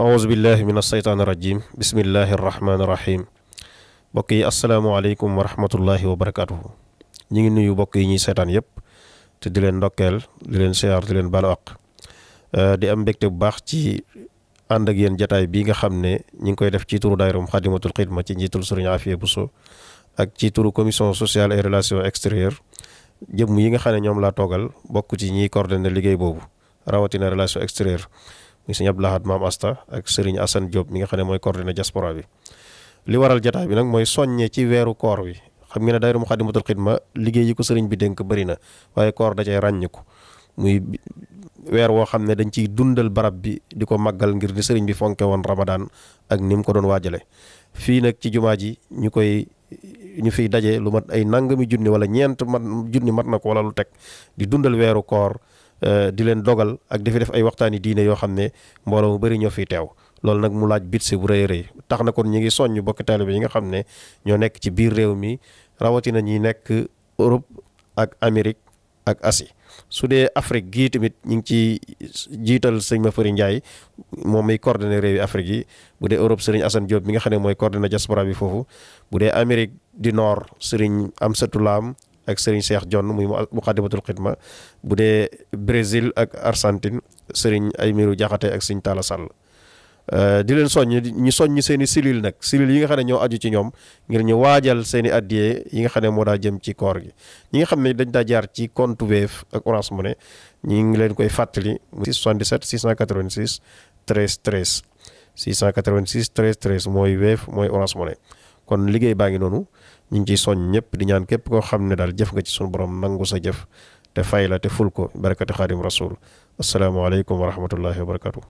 awuzu billahi min alseytaan irajim bismillahi arrahmaani irrahim mbokk yi asalaamaaleykum wa rahmatullahi wa barakatuhu ñu ngi nuyu mbokk yi ñuy seetaan yëpp te di leen ndokkeel di leen siyaar di leen baalu àq eh, di am mbégte bu baax ci ànd ak yéen jataay bii nga xam ne ñu ngi koy def ci turu daayirum xadimatul xidma ci njiitul sëriñ bu Buso ak ci turu commission sociale et relation extérieures jëmm yi nga xam ne ñoom laa toogal bokk yi ñiy coordonné liggéey boobu rawatina relations extérieures muy sëñ Abdou Lahad Maam Asta ak sëriñ Assane Diop mi nga xam ne mooy coordonné diaspora bi li waral jataay bi nag mooy soññee ci weeru koor wi xam ngeen ne daayira Muxaddamatul Xidma liggéey yi ko sëriñ bi dénk bëri na waaye koor da cay muy weer woo xam ne dañ ciy dundal barab bi di ko màggal ngir di sëriñ bi fonke woon Ramadan ak ni mu ko doon waajale fii nag ci jumaa ji ñu koy ñu fiy daje lu mat ay nangami junni wala ñeent mat junni mat na ko wala lu teg di dundal weeru koor Euh, di leen dogal ak di def ay waxtaani diine yoo xam ne mbooloo mu bari ñoo fiy teew loolu nag mu laaj bit si bu rëy rëy tax na kon ñu ngi soññ bokki taalibe yi nga xam ne ñoo nekk ci biir réew mi rawatina ñi nekk Europe ak amerique ak Asie su dee Afrique gii tamit ñu ngi ci jiital sëñ fari Ndiaye moom miy coordonné réewi Afrique yi bu dee Europe sëriñ Assane Diop mi nga xam ne mooy coordonné diaspora bi foofu bu dee Amérique du Nord sëriñ Amsatou Lam ak Serigne Cheikh John muy muqaddimatul xidma bu dee Brésil ak Argentine ay Aymerou Diakhaté ak Serigne Talla Sall euh, di leen soññ ñu soññ seen i cellules nag cellules yi nga xam ne ñoo aju ci ñoom ngir ñu waajal seen i addiyee yi nga xam ne moo daa jëm ci koor gi ñi nga xam ne dañ daa jaar ci compte Wave ak Orange Money ñi ngi leen koy fàttali 677 686 13 13 686 13 13 mooy Wave mooy Orange Money kon liggéey baa ngi noonu ñu ngi ciy soñ ñëpp di ñaan képp koo xam ne daal jëf nga ci sunu borom nangu sa jëf te fay la te ful ko barakati xaadim rasul asalaamaaleykum wa rahmatullahi wa barakatu